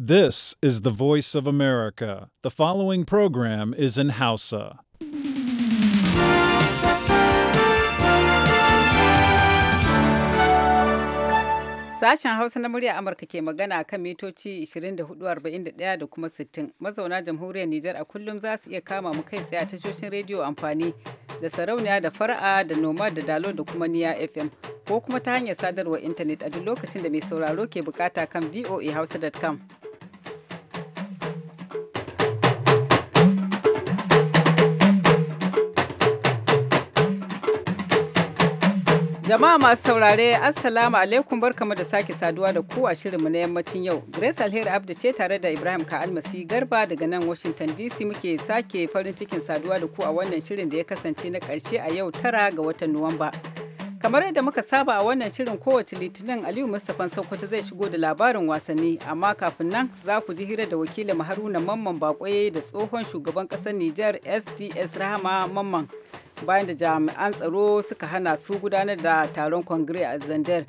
This is the voice of America. The following program is in Hausa. Sashen Hausa na murya Amurka ke magana kan mitoci 24,41 da kuma 60. Mazauna jamhuriyar Nijar a kullum za su iya kama mu kai tsaye a tashoshin rediyo amfani da sarauniya da fara'a da noma da dalo da kuma niya FM ko kuma ta hanyar sadarwar intanet a duk lokacin da mai sauraro ke bukata kan voahausa.com. Jama'a masu saurare, Assalamu alaikum barkamu da sake saduwa da ku a shirinmu na yammacin yau. Grace Alheri Abdu ce tare da Ibrahim Ka'almasi Garba daga nan Washington DC muke sake farin cikin saduwa da ku a wannan shirin da ya kasance na karshe a yau tara ga watan Nuwamba. Kamar yadda muka saba a wannan shirin kowace litinin Aliyu Mustapha Sokoto zai shigo da labarin wasanni, amma kafin nan za ku ji hira da wakilin Haruna Mamman bakwai da tsohon shugaban ƙasar Nijar SDS Rahama Mamman. bayan da jami'an tsaro suka hana su gudanar da taron kongire a zandar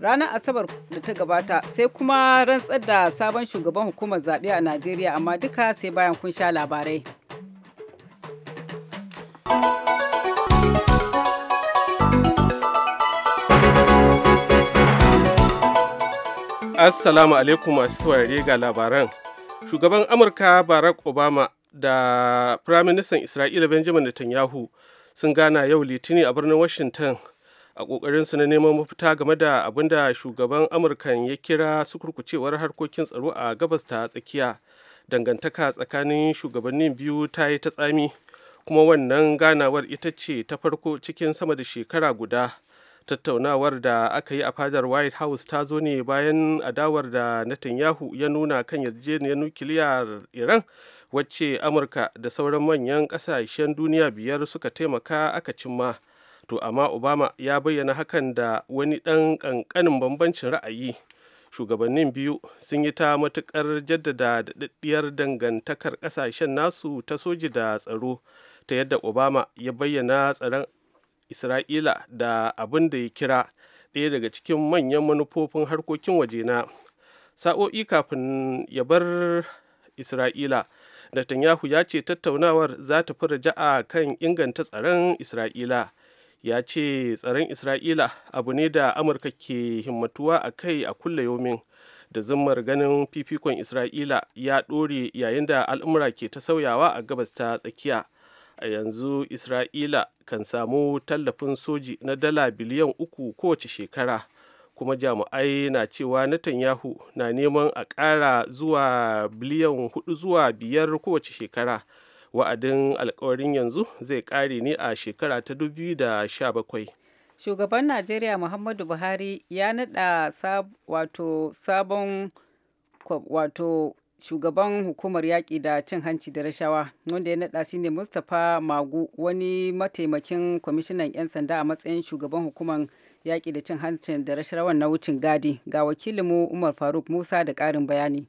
ranar asabar da ta gabata sai kuma rantsar da sabon shugaban hukumar zaɓe a najeriya amma duka sai bayan kun sha labarai assalamu alaikum masu saurare ga labaran shugaban amurka barack obama da firaministan isra'ila benjamin netanyahu sun gana yau litini a birnin washington a ƙoƙarinsu na neman mafita game da abinda shugaban amurkan ya kira sukurkucewar harkokin tsaro a gabas ta tsakiya dangantaka tsakanin shugabannin biyu ta yi ta tsami kuma wannan ganawar ita ce ta farko cikin sama da shekara guda tattaunawar da aka yi a fadar white house ta zo ne bayan adawar da netanyahu ya nuna kan yarjejeniyar nukiliyar iran wacce amurka da sauran manyan ƙasashen duniya biyar suka taimaka aka cimma to amma obama ya bayyana hakan da wani ɗan ƙanƙanin bambancin ra'ayi shugabannin biyu sun yi ta matuƙar jaddada daɗaɗɗiyar dangantakar ƙasashen nasu ta soji da tsaro ta yadda obama ya bayyana tsaron isra'ila da abin da ya kira ɗaya daga cikin manyan manufofin harkokin waje na sa'o'i kafin ya bar isra'ila Netanyahu ya ce tattaunawar za ta fi raja'a kan inganta tsaron Isra'ila. Ya ce tsaron Isra'ila abu ne da Amurka ke himmatuwa a kai a kulle yomin da zummar ganin fifikon Isra'ila ya ɗore yayin da al'umra ke ta sauyawa a gabas ta tsakiya. A yanzu Isra'ila kan samu tallafin soji na dala biliyan uku kowace shekara. kuma jami'ai na cewa Netanyahu na neman a ƙara zuwa biliyan hudu zuwa biyar kowace shekara wa'adin alkawarin yanzu zai ƙare ne a shekara ta sha bakwai. shugaban najeriya muhammadu buhari ya naɗa wato sabon wato shugaban hukumar yaƙi da cin hanci da rashawa wanda ya naɗa shine mustapha magu wani mataimakin kwamishinan 'yan sanda a matsayin shugaban hukumar yaƙi da cin hancin da rashawan na wucin gadi ga wakilinmu umar faruk musa da ƙarin bayani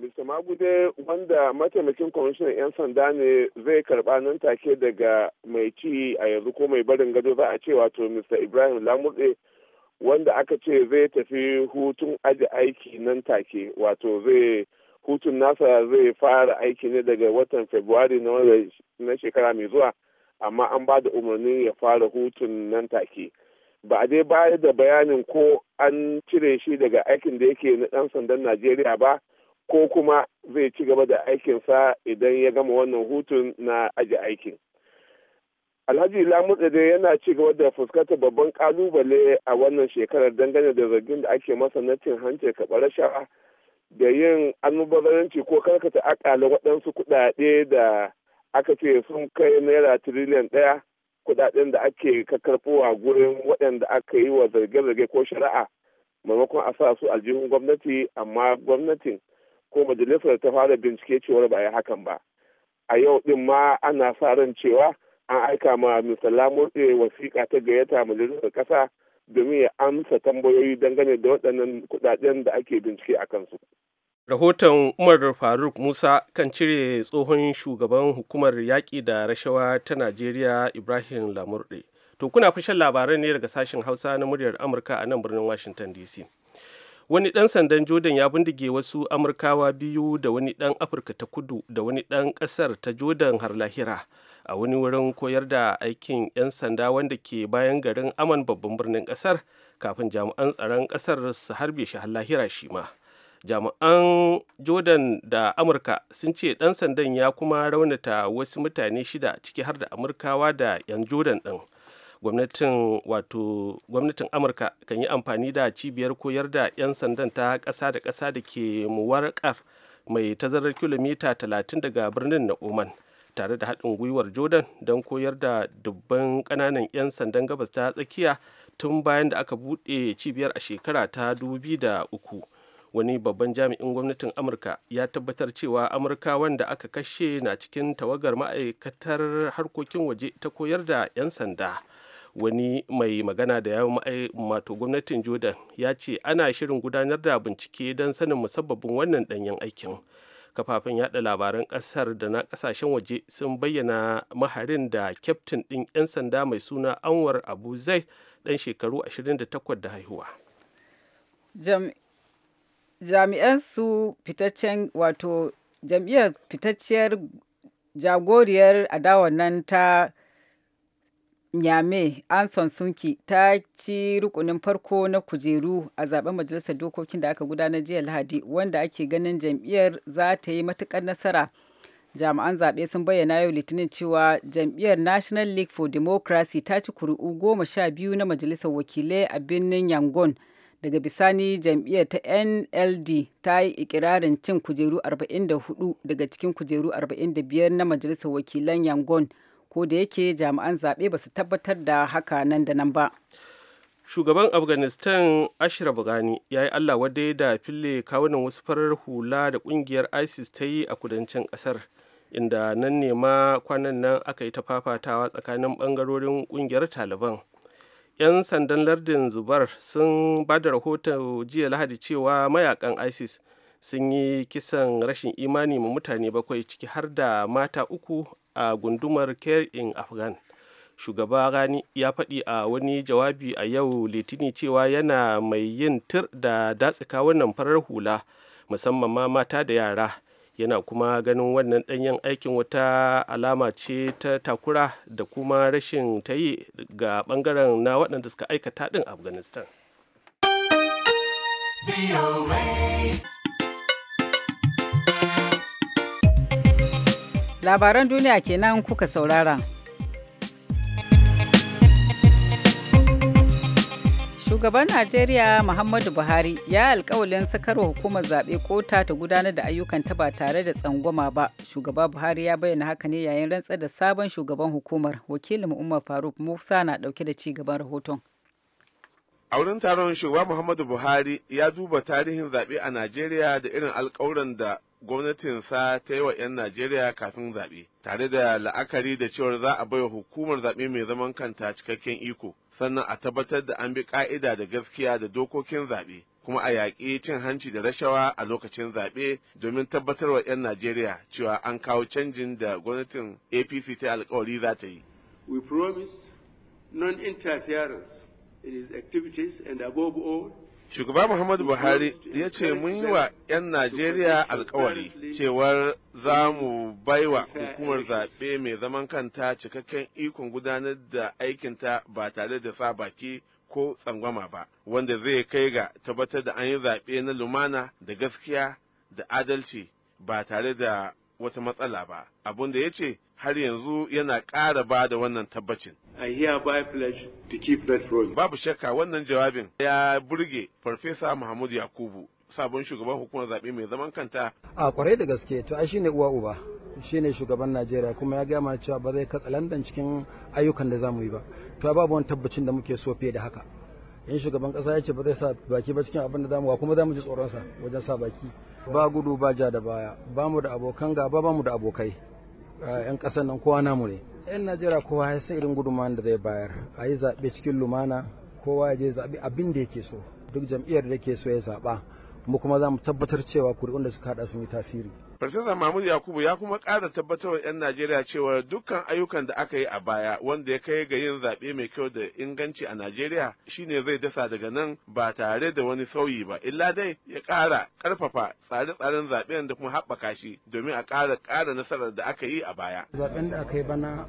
Mr. Magude wanda mataimakin kwamishinan 'yan sanda ne zai karba nan take daga mai ci a yanzu ko mai barin gado za a ce wato Mr. Ibrahim Lamurde wanda aka ce zai tafi hutun aji aiki nan take wato zai hutun nasa zai fara aiki ne daga watan Fabrairu na shekara mai zuwa amma an ba da umarnin ya fara hutun nan take ba a dai bayar da bayanin ko an cire shi daga aikin da yake na dan sandan najeriya ba ko kuma zai ci gaba da aikinsa idan ya gama wannan hutun na aji aikin alhaji lamutse dai yana ci gaba da fuskantar babban kalubale a wannan shekarar dangane da zargin da ake masa na cin hanci kaɓar da yin annubazaranci ko karkata akala waɗansu kuɗaɗe da aka ce sun kai naira tiriliyan ɗaya kudaden da ake kakarbowa gurin waɗanda aka yi wa zarge-zarge ko shari'a maimakon a sa su aljihun gwamnati amma gwamnatin ko majalisar ta fara bincike cewar ba a yi hakan ba a yau din ma ana sa ran cewa an aika ma misala Lamurde eh, wasiƙa ta gayyata majalisar ƙasa domin ya amsa tambayoyi dangane da waɗannan kudaden da ake bincike a kansu. rahoton umar faruk musa kan cire tsohon shugaban hukumar yaƙi da rashawa ta najeriya ibrahim lamurde to kuna fashin labaran ne daga sashen hausa na muryar amurka a nan birnin washington dc wani ɗan sandan jordan ya bindige wasu amurkawa biyu da wani ɗan afirka ta kudu da wani ɗan ƙasar ta jordan har lahira a wani wurin koyar da aikin 'yan sanda wanda ke bayan garin aman babban birnin ƙasar kafin jami'an tsaron ƙasar su harbe shi har lahira shi ma jami'an jordan da amurka sun ce ɗan sandan ya kuma raunata wasu mutane shida ciki har da amurkawa da 'yan jordan ɗin gwamnatin wato gwamnatin amurka kan yi amfani da cibiyar koyar da 'yan sandan ta kasa da kasa da ke muwarkar mai tazarar kilomita 30 daga birnin na oman tare da haɗin gwiwar jordan don koyar da dubban ƙananan 'yan sandan gabas ta tsakiya tun bayan da aka buɗe cibiyar a shekara ta 2003 wani babban jami'in gwamnatin amurka ya tabbatar cewa amurka wanda aka kashe na cikin tawagar ma'aikatar harkokin waje ta koyar da 'yan sanda wani mai magana da yawon mato gwamnatin jordan ya ce ana shirin gudanar da bincike don sanin musabbabin wannan danyen aikin kafafen yada labaran kasar da na kasashen waje sun bayyana maharin da kyaftin din 'yan sanda mai suna anwar abu zai dan shekaru 28 da haihuwa jami'an su fitaccen wato jam'iyyar fitacciyar jagoriyar adawa nan ta nyame anson sunki ta ci rukunin farko na kujeru a zaben majalisar dokokin da aka gudanar jiya lahadi wanda ake ganin jam'iyyar za ta yi matukar nasara jami'an zaɓe sun bayyana yau litinin cewa jam'iyyar national league for democracy ta ci kuri'u goma sha biyu na majalisar wakilai a birnin yangon daga bisani jam'iyyar ta nld ta yi ikirarin cin kujeru 44 daga cikin kujeru 45 na majalisar wakilan yangon ko da yake jami'an zaɓe ba su tabbatar da haka nan da nan ba shugaban afghanistan ashraf ghani ya yi allah wadai da fille kawunan wasu farar hula da kungiyar isis ta yi a kudancin kasar inda nan ne ma kwanan nan aka yi ta fafatawa tsakanin bangarorin kungiyar taliban 'yan sandan lardin zubar sun ba da rahoton jiya lahadi cewa mayakan isis sun yi kisan rashin imani ma mutane bakwai ciki har da mata uku a gundumar care in afghan shugaba rani ya faɗi a wani jawabi a yau litini cewa yana mai yin tir da datsika wannan farar hula musamman ma mata da yara yana kuma ganin wannan ɗanyen aikin wata alama ce ta takura da kuma rashin ta yi ga ɓangaren na waɗanda suka aikata ɗin afghanistan labaran duniya kenan kuka saurara Shugaban Najeriya Muhammadu Buhari ya yi alkawalin sakarwa hukumar zaɓe kota ta gudanar da ayyukan ta ba tare da tsangwama ba. Shugaba Buhari ya bayyana haka ne yayin rantsar da sabon shugaban hukumar. Wakilin Umar Faruk Musa na ɗauke da ci gaban rahoton. A wurin taron shugaba Muhammadu Buhari ya duba tarihin zaɓe a Najeriya da irin alkawuran da gwamnatinsa ta yi wa 'yan Najeriya kafin zaɓe, tare da la'akari da cewar za a baiwa hukumar zaɓe mai zaman kanta cikakken iko. sannan a tabbatar da an bi ka'ida da gaskiya da dokokin zaɓe kuma a yaƙi cin hanci da rashawa a lokacin zaɓe domin tabbatarwa 'yan Najeriya cewa an kawo canjin da gwamnatin APC ta alkawari za ta yi. We promised non-interference in his activities and above all shugaba muhammadu buhari ya ce mun yi wa 'yan najeriya alkawari cewar za mu bai wa hukumar zaɓe mai zaman kanta cikakken ikon gudanar da aikinta ba tare da sa baki ko tsangwama ba wanda zai kai ga tabbatar da an yi zaɓe na lumana da gaskiya da adalci ba tare da wata matsala ba abun da ya ce har yanzu yana ƙara ba da wannan tabbacin. I hereby pledge to keep that role. Babu shakka wannan jawabin ya burge Farfesa Muhammad Yakubu sabon shugaban hukumar zaɓe mai zaman kanta. A kwarai da gaske to ai shine uwa uba shine shugaban Najeriya kuma ya gaya mana cewa ba zai katsa landan cikin ayyukan da zamu yi ba. To babu wani tabbacin da muke so fiye da haka. In shugaban ƙasa ya ce ba zai sa baki ba cikin abin da zamu kuma zamu ji tsoron sa wajen sa baki. ba gudu ba ja da baya ba mu da abokan gaba ba mu da abokai yan kasan nan kowa namu ne yan najeriya kowa ya san irin gudunmawar da zai bayar a yi zaɓe cikin lumana kowa ya je zaɓe abin da yake so duk jam'iyyar da yake so ya zaɓa mu kuma za mu tabbatar cewa kuri'un da suka haɗa sun yi tasiri Farfesa Mahmud Yakubu ya kuma ƙara tabbatarwa 'yan Najeriya cewa dukkan ayyukan da aka yi a baya wanda ya kai ga yin zaɓe mai kyau da inganci a Najeriya shine zai dasa daga nan ba tare da wani sauyi ba illa dai ya ƙara ƙarfafa tsare-tsaren zaɓen da kuma haɓaka shi domin a ƙara ƙara nasarar da aka yi a baya. Zaɓen da aka yi bana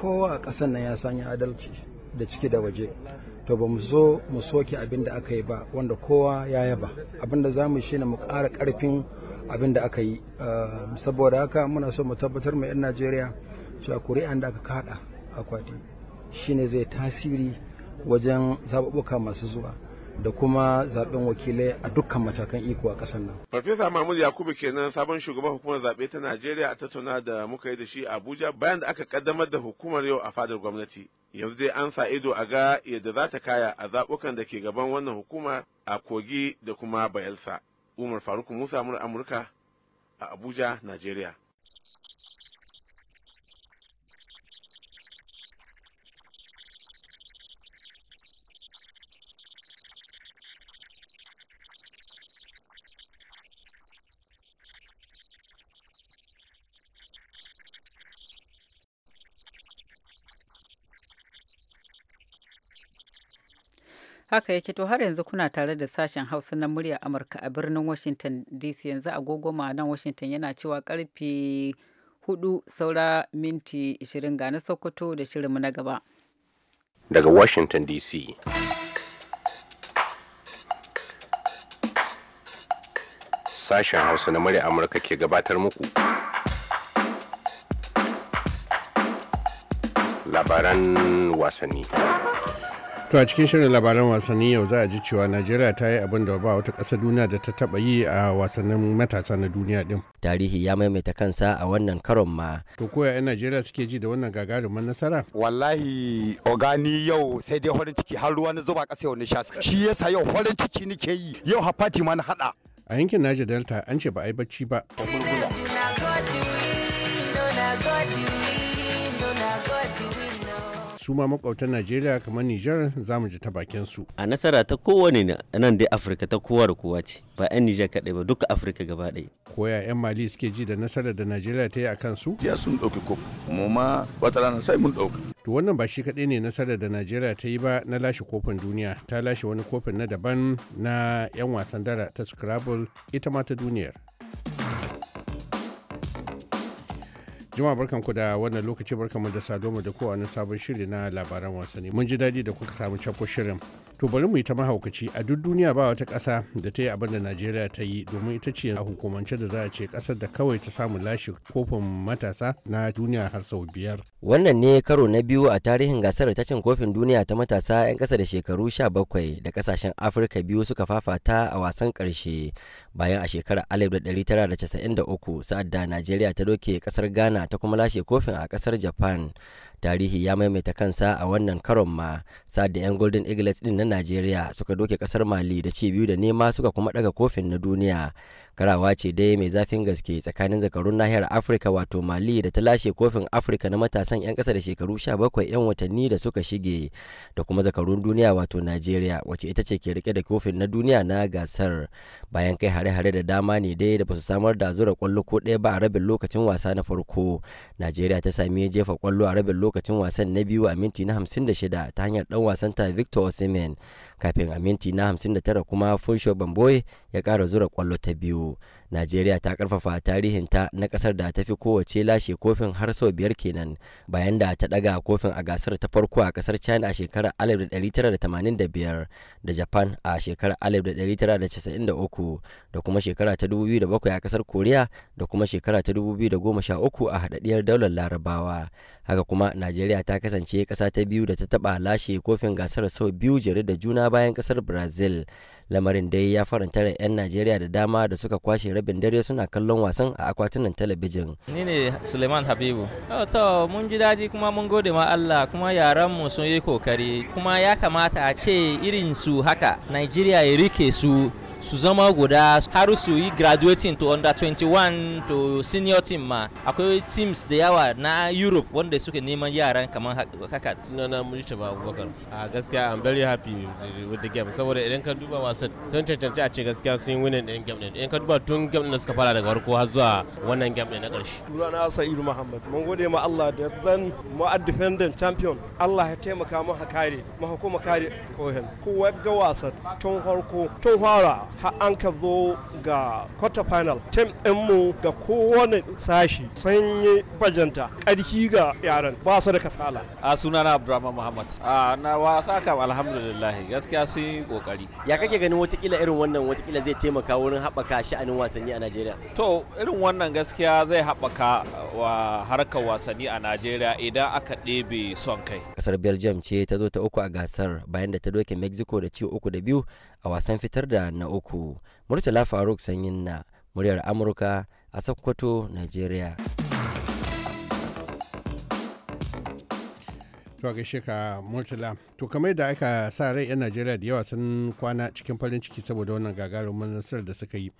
kowa a ƙasar nan ya sanya adalci da ciki da waje. to ba mu zo mu soke abin da aka yi ba wanda kowa ya yaba abin da za mu shi ne mu ƙara ƙarfin abin da aka yi ehm, saboda haka muna so mu tabbatar mai 'yan najeriya cewa kuri'an da aka kada akwati shine zai tasiri wajen zaɓuɓɓuka masu zuwa da kuma zaɓen wakilai a dukkan matakan iko a ƙasar nan. Farfesa Mahmud Yakubu kenan sabon shugaban hukumar zaɓe ta Najeriya a tattauna da muka yi da shi a Abuja bayan da aka kaddamar da hukumar yau a fadar gwamnati. Yanzu dai an sa ido a ga yadda za ta kaya a zaɓukan da ke gaban wannan hukuma a Kogi da kuma Bayelsa. umar faruk musa mura amurka a abuja najeriya Haka yake to har yanzu kuna tare da sashen Hausa na murya Amurka a birnin Washington DC yanzu agogo nan Washington yana cewa karfe hudu saura minti 20 ga na Sokoto da shirinmu na gaba. Daga Washington DC. Sashen Hausa na murya Amurka ke gabatar muku. Labaran wasanni. To a cikin shirin labaran wasanni yau za a ji cewa Najeriya ta yi abin da ba wata ƙasa duniya da ta taɓa yi a wasannin matasa na duniya din. Tarihi ya maimaita kansa a wannan karon ma. To koya 'yan Najeriya suke ji da wannan gagarumin nasara? Wallahi ogani yau sai dai horin ciki har ruwa na zuba ƙasa yau na sha. Shi yasa yau horin ciki nake yi yau fati ma na haɗa. A yankin Najeriya Delta an ce ba a yi bacci ba. su ma makwabtan najeriya kamar nijar za mu ji ta bakin su a nasara ta kowane nan dai afirka ta kowa da kowa ce ba yan nijar kaɗai ba duka afirka gaba ɗaya koya yan mali suke ji da nasarar da najeriya ta yi a kan su jiya sun ɗauki ko mu ma wata rana sai mun ɗauki to wannan ba shi kaɗai ne nasarar da najeriya ta yi ba na lashe kofin duniya ta lashe wani kofin na daban na yan wasan dara ta scrabble ita ma ta duniyar juma'a barkan ku da wannan lokaci barkan mu da sado mu da na sabon shiri na labaran wasanni. Mun ji daɗi da kuka samu cakko shirin. To bari mu yi ta mahaukaci a duk duniya ba wata ƙasa da ta yi abin da Najeriya ta yi domin ita ce a hukumance da za a ce ƙasar da kawai ta samu lashe kofin matasa na duniya har sau biyar. Wannan ne karo na biyu a tarihin gasar ta cin kofin duniya ta matasa 'yan ƙasa da shekaru 17 da ƙasashen Afirka biyu suka fafata a wasan ƙarshe bayan a shekarar 1993 sa'ad da najeriya ta doke kasar ghana ta kuma lashe kofin a kasar japan tarihi ya maimaita kansa a wannan karon ma da 'yan golden eagles din na najeriya suka doke kasar mali da ci biyu da nema suka kuma daga kofin na duniya karawa ce dai mai zafin gaske tsakanin zakarun nahiyar afirka wato mali da ta lashe kofin afirka na matasan 'yan kasa da shekaru 17 'yan watanni da suka shige da kuma zakarun duniya wato najeriya wacce ita ce ke rike da kofin na duniya na gasar bayan kai hare-hare da dama ne dai da basu samar da zura kwallo ko ɗaya ba a rabin lokacin wasa na farko najeriya ta sami jefa kwallo a rabin lokacin wasan na biyu a minti na 56 ta hanyar dan wasanta Victor Osimhen kafin a minti na 59 kuma funsho bamboye ya kara zura kwallo ta biyu najeriya ta karfafa tarihin ta na kasar da ta fi kowace lashe kofin har sau biyar kenan bayan da ta daga kofin a gasar ta farko a kasar china a shekarar 1985 da japan a shekarar 1993 da kuma shekara ta 2007 a kasar korea da kuma shekara ta 2013 a haɗaɗɗiyar daular larabawa haka kuma najeriya ta kasance ƙasa ta biyu da ta taɓa lashe kofin gasar sau biyu jere da juna bayan kasar brazil lamarin dai ya faranta da 'yan najeriya da dama da suka kwashe rabin dare suna kallon wasan a akwatunan talabijin ni ne suleiman habibu oh, to mun ji daji kuma mun gode ma allah kuma yaran mu sun yi kokari kuma ya kamata a ce irin su haka nigeria ya rike su su zama guda har su yi graduating to under 21 to senior team ma akwai teams da yawa na europe wanda suke neman yaran kamar haka sunana mujtaba abubakar a gaskiya i'm very happy with the game saboda idan ka duba wasan sun tantance a ce gaskiya sun yi winning din game din idan ka duba tun game din da suka fara daga farko har zuwa wannan game din na karshe sunana sa'idu muhammad mun gode ma Allah da zan mu defending champion Allah ya taimaka mu hakare mu hukuma kare kohen kowa ga wasan tun farko tun fara har an ka zo ga quarter final tim mu ga kowane sashi sun yi bajanta ƙarfi ga yaran ba su da kasala a na abdurrahman muhammad a na wasa ka alhamdulillah gaskiya sun yi kokari ya kake ganin watakila irin wannan watakila zai taimaka wurin haɓaka sha'anin wasanni a najeriya to irin wannan gaskiya zai haɓaka wa harkar wasanni a najeriya idan aka ɗebe son kai kasar belgium ce ta zo ta uku a gasar bayan da ta doke mexico da ci uku da biyu a wasan fitar da na uku murtala faruk sanyin na muryar amurka a sokoto nigeria to gaishe ka murtala to kamar da aka sa rai 'yan najeriya da yawa sun kwana cikin farin ciki saboda wannan gagarumin nasarar da suka yi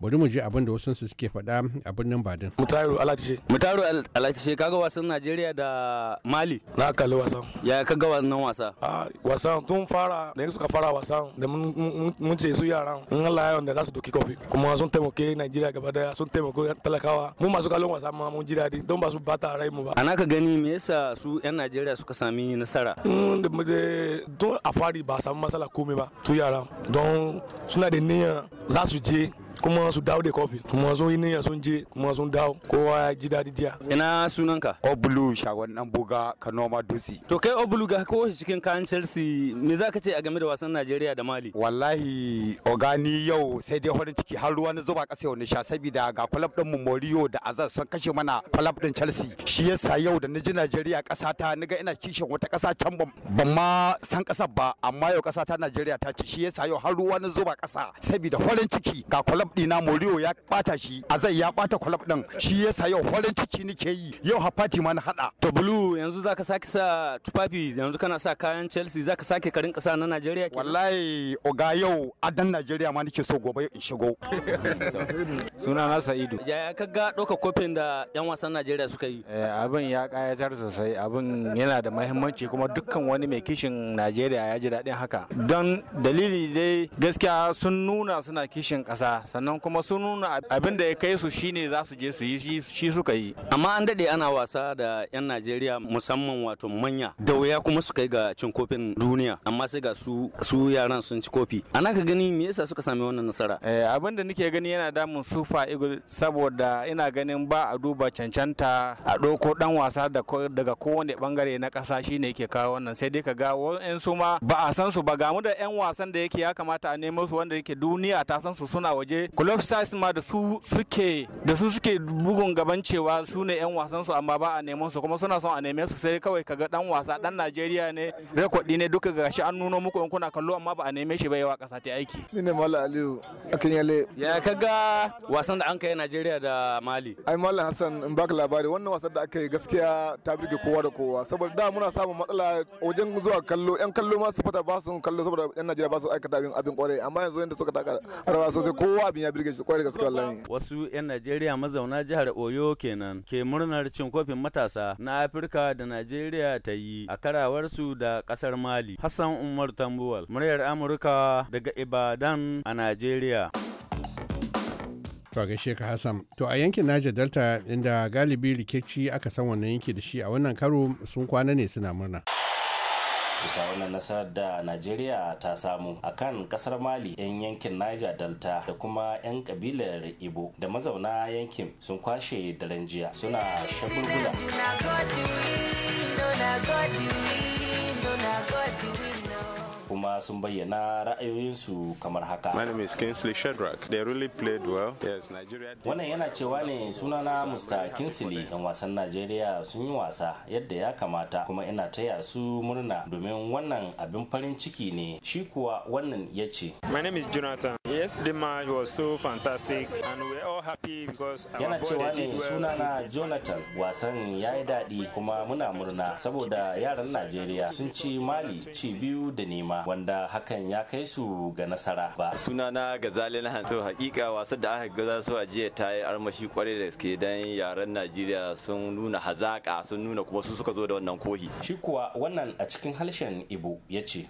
bari mu ji abin da wasu suke faɗa a birnin badin mutaru alatishe mutaru alatishe kaga wasan najeriya da mali na kalli wasan ya kaga wannan wasa a wasan tun fara da suka fara wasan da mun ce su yaran in Allah ya yarda za su doki kofi kuma sun taimake najeriya gaba daya sun taimake talakawa mu masu kallon wasa ma mun ji daɗi don ba su bata rai mu ba ana ka gani me yasa su yan najeriya suka sami nasara mm, don a fari ba samu matsala komai ba su yara don suna da niyyar za su je kuma su dawo da kofi kuma sun yi niyya sun je kuma sun dawo kowa ya ji daɗi jiya. ina sunan ka oblu shagon dan buga kanoma dusi. to kai oblu ga kowace cikin kayan chelsea me zaka ce a game da wasan najeriya da mali wallahi ogani yau sai dai horin ciki har ruwa na zuba kasa yau sha saboda ga club din mu moriyo da azar sun kashe mana club din chelsea shi yasa yau da na ji najeriya ƙasa ta ni ga ina kishin wata ƙasa can ban ma san kasar ba amma yau ƙasa ta najeriya ta ce shi yasa yau har ruwa na zuba ƙasa saboda horin ciki ga club club dina Moriyo ya bata shi zai ya bata club din shi yasa yau farin ciki nake yi yau ha ma na hada to blue yanzu zaka sake sa tufafi yanzu kana sa kayan Chelsea zaka sake karin kasa na Najeriya wallahi oga yau a dan Nigeria ma nake so gobe in shigo suna na Sa'idu yaya ka ga doka kofin da yan wasan Najeriya suka yi eh abin ya kayatar sosai abin yana da muhimmanci kuma dukkan wani mai kishin Najeriya ya ji daɗin haka don dalili dai gaskiya sun nuna suna kishin ƙasa sannan kuma sun nuna abin da ya kai su shine za su je su yi shi suka yi amma an dade ana wasa da yan Najeriya musamman wato manya da wuya kuma su kai ga cin kofin duniya amma sai ga su su yaran sun ci kofi ana ka gani me yasa suka sami wannan nasara eh, abin da nake gani yana damun Super Eagle saboda ina ganin ba a duba cancanta a ɗauko dan wasa daga kowane bangare na ƙasa shine yake kawo wannan sai dai ka ga wani su ma ba a san su ba gamu da yan wasan da yake ya kamata a nemo su wanda yake duniya ta san su suna waje club size ma da su suke da su suke bugun gaban cewa su ne yan wasan su amma ba a neman su kuma suna son a neme su sai kawai kaga dan wasa dan Najeriya ne rekodi ne duka gashi an nuno muku in kuna kallo amma ba a neme shi ba yawa kasa ta aiki ni ne Malam Aliyu akan yale ya kaga wasan da an kai Najeriya da Mali ai Malam Hassan in baka labari wannan wasan da aka yi gaskiya ta burge kowa da kowa saboda da muna samun matsala wajen zuwa kallo yan kallo ma su fata ba su kallo saboda yan Najeriya ba su aikata abin abin kwarai amma yanzu yanda suka taka rawa sosai kowa abin ya birge shi kwarai gaske wallahi wasu yan Najeriya mazauna jihar Oyo kenan ke murnar cin kofin matasa na Afirka da Najeriya ta yi a karawar su da kasar Mali Hassan Umar Tambuwal muryar Amurka daga Ibadan a Najeriya To ka Hassan. To a yankin Niger Delta inda galibi rikici aka san wannan yanki da shi a wannan karo sun kwana ne suna murna. bisa wannan nasarar da najeriya ta samu a kan kasar mali 'yan yankin niger delta da kuma 'yan kabilar ibo da mazauna yankin sun kwashe daren jiya suna shagulgula kuma sun bayyana ra'ayoyinsu kamar haka. My name is Kingsley Shadrack. They really played well. Yes, Nigeria. Wannan yana cewa ne sunana Mr. Kingsley ɗan wasan Najeriya sun yi wasa yadda ya kamata kuma ina taya su murna domin wannan abin farin ciki ne. Shi kuwa wannan ya ce. My name is Jonathan. Yesterday match was so fantastic and we all happy because our Yana cewa ne sunana Jonathan wasan ya yi daɗi kuma muna murna saboda yaran Najeriya sun ci Mali ci biyu da nema wanda hakan ya kai su ga nasara ba sunana gazali na hanto hakika wasa da aka gaza su a jiya ta yi armashi kwarai da gaske dan yaren najeriya sun nuna hazaka sun nuna kuma su suka zo da wannan kohi shi kuwa wannan a cikin harshen ibo ya ce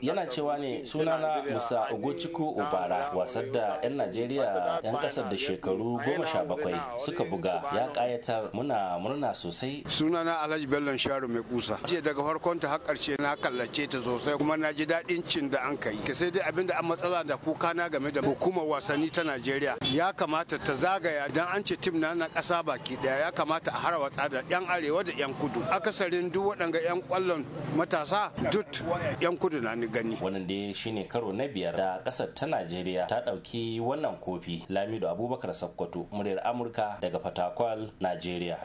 yana cewa ne sunana musa ogochiku obara wasar da 'yan najeriya 'yan kasar da shekaru goma sha bakwai suka buga ya kayatar muna murna sosai na Alhaji Bello Sharu mai kusa. Jiya daga farkon ta har ƙarshe na kallace ta sosai kuma na ji daɗin cin da an kai. Ke sai dai abin da an matsala da kuka na game da hukumar wasanni ta Najeriya. Ya kamata ta zagaya dan an ce tim na na ƙasa baki ɗaya ya kamata a harawa tsada 'yan arewa da 'yan kudu. Akasarin duk waɗanga 'yan kwallon matasa duk 'yan kudu na ni gani. Wannan dai shine karo na biyar da ƙasar ta Najeriya ta ɗauki wannan kofi. Lamido Abubakar Sakkwato, muryar Amurka daga Fatakwal, Najeriya.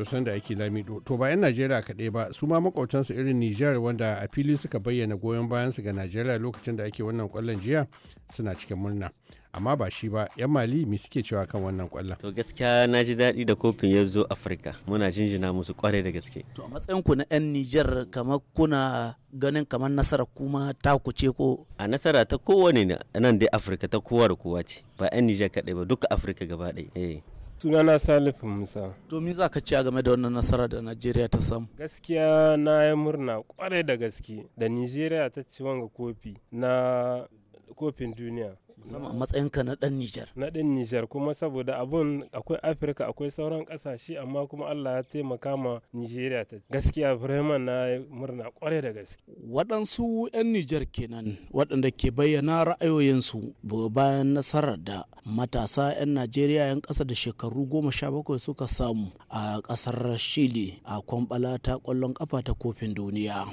da sanda ake lamido to bayan najeriya kaɗai ba su ma makwabtansu irin nijar wanda a fili suka bayyana goyon bayansu ga najeriya lokacin da ake wannan kwallon jiya suna cikin murna amma ba shi ba yan mali me suke cewa kan wannan kwallon to gaskiya na ji daɗi da kofin ya zo afirka muna jinjina musu kwarai da gaske to a matsayin ku na yan nijar kamar kuna ganin kamar nasara kuma ta ku ce ko a nasara ta kowane nan dai afirka ta kowa da kowa ce ba yan nijar kaɗai ba duka afirka gaba ɗaya eh. sunana salifu musa domin za ka ci game da wannan nasara da najeriya ta samu gaskiya na yi murna kwarai da gaske da nigeria ta ci wanga kofi na kofin duniya musamman matsayinka na ɗan Nijar na dan Nijar kuma saboda abun akwai Afirka akwai sauran kasashe amma kuma Allah ya taimaka ma Nijeriya ta gaskiya Bremen na murna kware da gaske waɗansu 'yan Nijar kenan waɗanda ke bayyana ra'ayoyinsu bayan nasarar da matasa 'yan Najeriya 'yan kasa da shekaru goma sha bakwai suka samu a ƙasar Shili a kwambala ta kwallon kafa ta kofin duniya.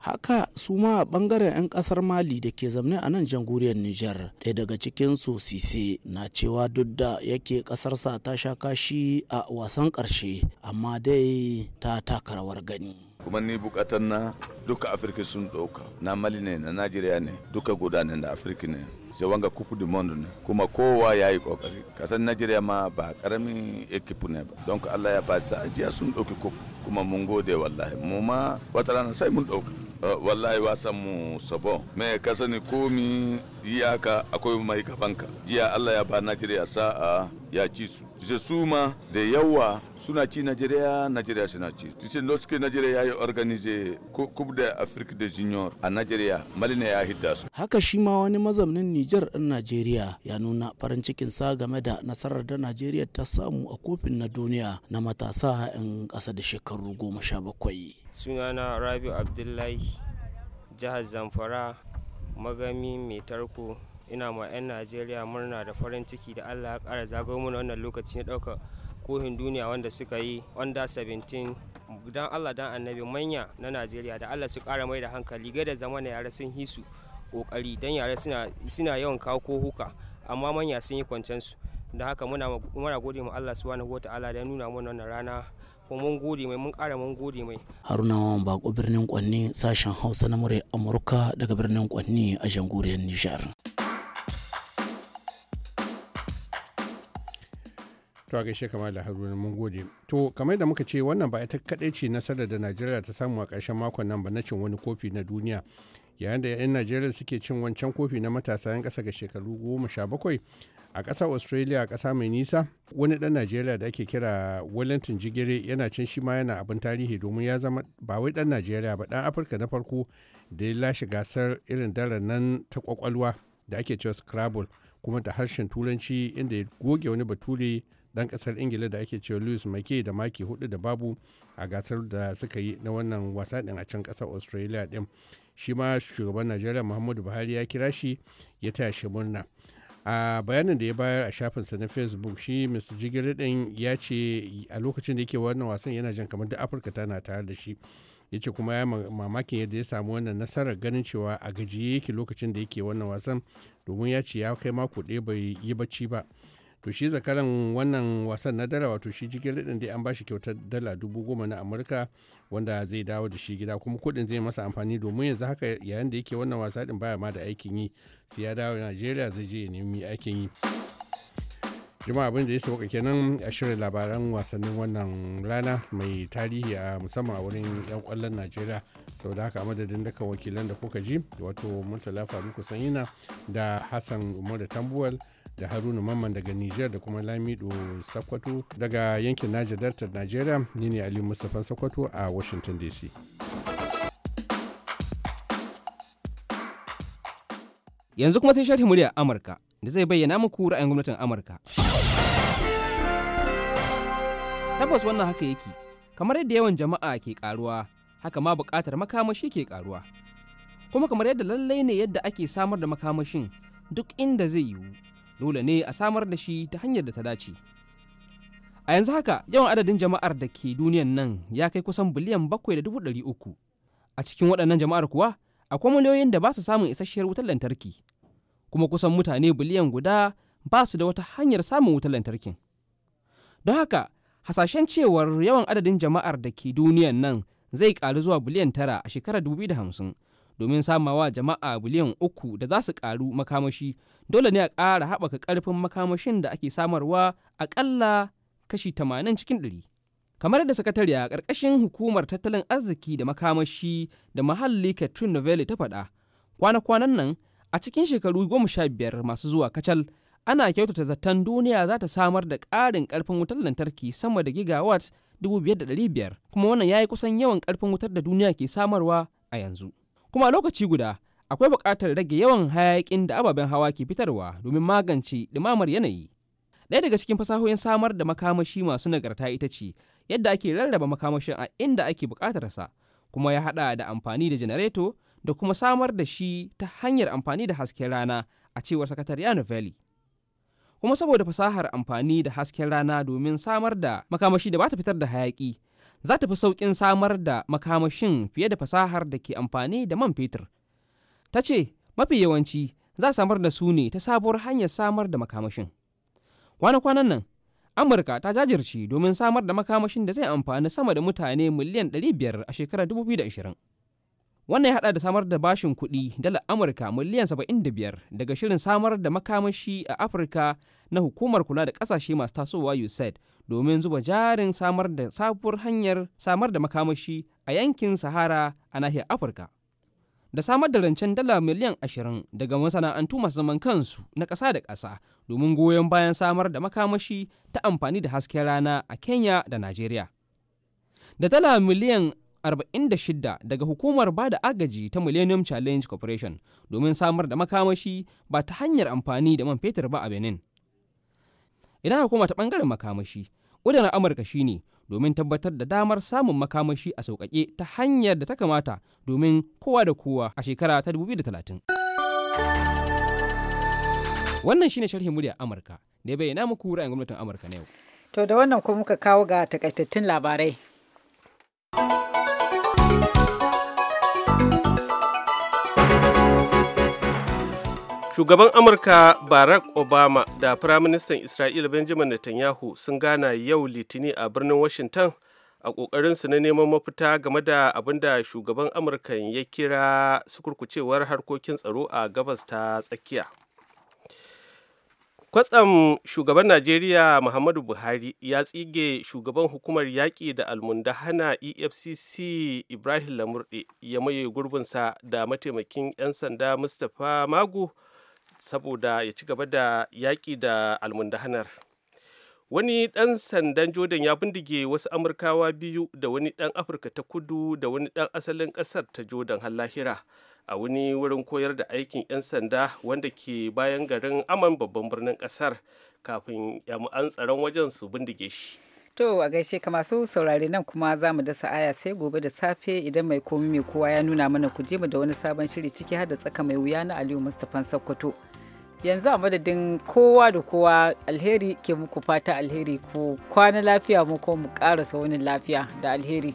haka su ma a bangaren 'yan kasar mali da ke zamne a nan jamhuriyar niger ɗaya daga cikin su sise na cewa duk da yake kasarsa ta sha kashi a wasan ƙarshe amma dai ta takarawar gani kuma ni bukatan na duka afirka sun ɗauka na mali ne na najeriya ne duka gudanar da afirka ne sai wanga kupu da monde ne kuma kowa ya yi kokari kasan najeriya ma ba karamin ekipu ne ba don allah ya ba sa ajiya sun ɗauki kupu kuma mun gode wallahi mu ma wata rana sai mun ɗauka Eh, wallahi wasan mu sabon me ka sani komi iyaka akwai mai gabanka jiya Allah ya ba ya sa'a ya ci su su su ma da yawa suna ci najeriya najeriya suna ci su ce lotsuke najeriya ya yi organize kub da afirka da junior a najeriya malina ya hidda su haka shi ma wani mazaunin nijar din najeriya ya nuna farin cikin sa game da nasarar da najeriya ta samu a kofin na duniya na matasa 'yan ƙasa da shekaru goma sha bakwai sunana rabi abdullahi jihar zamfara magami mai tarko ina ma 'yan najeriya murna da farin ciki da allah ya kara zagayo mana wannan lokaci na ɗaukar kohin duniya wanda suka yi under 17 don allah dan annabi manya na najeriya da allah su kara mai da hankali gada zama na yara sun su kokari don yara suna yawan kawo ko huka amma manya sun yi kwancensu da haka muna gode ma allah subhanahu wataala da ya nuna mana wannan rana ko mun gode mai mun kara mun gode mai haruna bako birnin kwanni sashen hausa na murai amurka daga birnin kwanni a jamhuriyar nijar to a gaishe kamar da haruna mun gode to kamar da muka ce wannan ba ita kaɗai ce nasarar da najeriya ta samu a karshen makon nan ba na cin wani kofi na duniya yayin da 'yan najeriya suke cin wancan kofi na matasa 'yan kasa ga shekaru goma sha bakwai a ƙasar australia ƙasa mai nisa wani dan najeriya da ake kira wellington jigire yana cin shi ma yana abin tarihi domin ya zama ba wai dan najeriya ba dan afirka na farko da ya lashe gasar irin daren nan ta kwakwalwa da ake cewa scrabble kuma da harshen turanci inda ya goge wani bature dan kasar ingila da ake cewa louis maike da maki hudu da babu a gasar da suka yi na wannan wasa din a can kasar australia din shi ma shugaban najeriya muhammadu buhari ya kira shi ya taya shi murna a bayanin da ya bayar a shafinsa na facebook shi mr jigiri din ya ce a lokacin da yake wannan wasan yana jan kamar da afirka tana tare da shi ya ce kuma ya mamakin yadda ya samu wannan nasarar ganin cewa a gajiye yake lokacin da yake wannan wasan domin ya ce ya kai mako ɗaya bai yi bacci ba to shi zakaran wannan wasan na dara wato shi jigilar ridin dai an bashi kyautar dala dubu goma na amurka wanda zai dawo da shi gida kuma kudin zai masa amfani domin yanzu haka yayin da yake wannan wasa din baya ma da aikin yi sai ya dawo najeriya zai je ya nemi aikin yi jima abin da ya sauka kenan a shirin labaran wasannin wannan rana mai tarihi a musamman a wurin 'yan kwallon najeriya sau da haka a madadin dukkan wakilan da kuka ji wato murtala faru sanyina da hassan umar da tambuwal da haruna mamman daga niger da kuma lamido sakwato daga yankin Niger delta nigeria ni ne ali mustapha sakwato a washington dc yanzu kuma sai sharhi murya amurka da zai bayyana muku ra'ayin gwamnatin amurka tabbas wannan haka yake kamar yadda yawan jama'a ke karuwa haka ma bukatar makamashi ke karuwa kuma kamar yadda lallai ne yadda ake samar da makamashin duk inda zai yiwu dole ne a samar da shi ta hanyar da ta dace a yanzu haka yawan adadin jama'ar da ke duniyan nan ya kai kusan biliyan bakwai da dubu ɗari uku a cikin waɗannan jama'ar kuwa akwai miliyoyin da ba su samun isasshiyar wutar lantarki kuma kusan mutane biliyan guda ba su da wata hanyar samun wutar lantarkin don haka hasashen cewar yawan adadin jama'ar da ke duniyan nan zai ƙaru zuwa biliyan tara a shekarar 2050 domin samawa jama'a biliyan uku da za su karu makamashi dole ne a ƙara haɓaka ƙarfin makamashin da ake samarwa aƙalla kashi tamanin cikin 100 kamar da sakatariya ƙarƙashin hukumar tattalin arziki da makamashi da muhalli catherine novelli ta faɗa kwana-kwanan nan a cikin shekaru goma sha biyar masu zuwa kacal ana kyautata zaton duniya za ta samar da ƙarin ƙarfin wutar lantarki sama da gigawatt 5,500 kuma wannan ya yi kusan yawan ƙarfin wutar da duniya ke samarwa a yanzu kuma a lokaci guda akwai buƙatar rage yawan hayaƙin da ababen hawa ke fitarwa domin magance ɗumamar yanayi ɗaya daga cikin fasahohin samar da makamashi masu nagarta ita ce yadda ake rarraba makamashin a inda ake sa kuma ya haɗa da amfani da janareto da kuma samar da shi ta hanyar amfani da hasken rana a cewar sakatariya Valley. kuma saboda fasahar amfani da hasken rana domin samar da makamashi da ba ta fitar da hayaki, za ta fi sauƙin samar da makamashin fiye da fasahar da ke amfani da man fetur ta ce mafi yawanci za samar da su ne ta sabuwar hanyar samar da makamashin kwana-kwanan nan amurka ta jajirce domin samar da makamashin da zai amfani sama da mutane miliyan 500 a shekarar 2020 wannan ya hada da samar da bashin kuɗi dala amurka miliyan 75 daga shirin samar da makamashi a afirka na hukumar kula da kasashe masu tasowa usaid domin zuba jarin samar da sabuwar hanyar samar da makamashi a yankin sahara a nahiyar afirka da samar da rancen dala miliyan 20 daga masana'antu masu zaman kansu na ƙasa da ƙasa domin goyon bayan samar da makamashi ta amfani da hasken rana a kenya da najeriya da dala miliyan 46 daga hukumar ba da agaji ta Millennium Challenge Corporation domin samar da makamashi ba ta hanyar amfani da man fetur ba a Benin. Idan hukuma ta bangaren makamashi, ƙudan Amurka shine domin tabbatar da damar samun makamashi a sauƙaƙe ta hanyar da ta kamata domin kowa da kowa a shekara ta 2030. Wannan shine sharhin murya Amurka da ya bayyana muku ra'ayin gwamnatin Amurka na yau. To da wannan kuma muka kawo ga takaitattun labarai. shugaban amurka barack obama da firaministan isra'ila benjamin netanyahu sun gana yau litini a birnin washington a ƙoƙarinsu na neman mafita game da abin da shugaban amurka ya kira sukurkucewar harkokin tsaro a gabas ta tsakiya kwatsam shugaban najeriya muhammadu buhari ya tsige shugaban hukumar yaƙi da almundahana efcc ibrahim Lamurde, ya maye gurbinsa da mataimakin 'yan sanda mustapha magu saboda ya ci gaba da yaƙi da almundahanar wani ɗan sandan jordan ya bindige wasu amurkawa biyu da wani ɗan afirka ta kudu da wani ɗan asalin ƙasar ta jordan har lahira a wani wurin koyar da aikin 'yan sanda wanda ke bayan garin aman babban birnin ƙasar kafin an tsaron wajen su bindige shi To a gaishe ka masu saurare nan kuma za mu dasa aya sai gobe da safe idan mai komi mai kowa ya nuna mana ku je mu da wani sabon shiri ciki har da tsaka mai wuya na Aliyu Mustapha Sokoto. yanzu a madadin kowa da kowa alheri ke muku fata alheri ku kwana lafiya mu ko mu karasa wani lafiya da alheri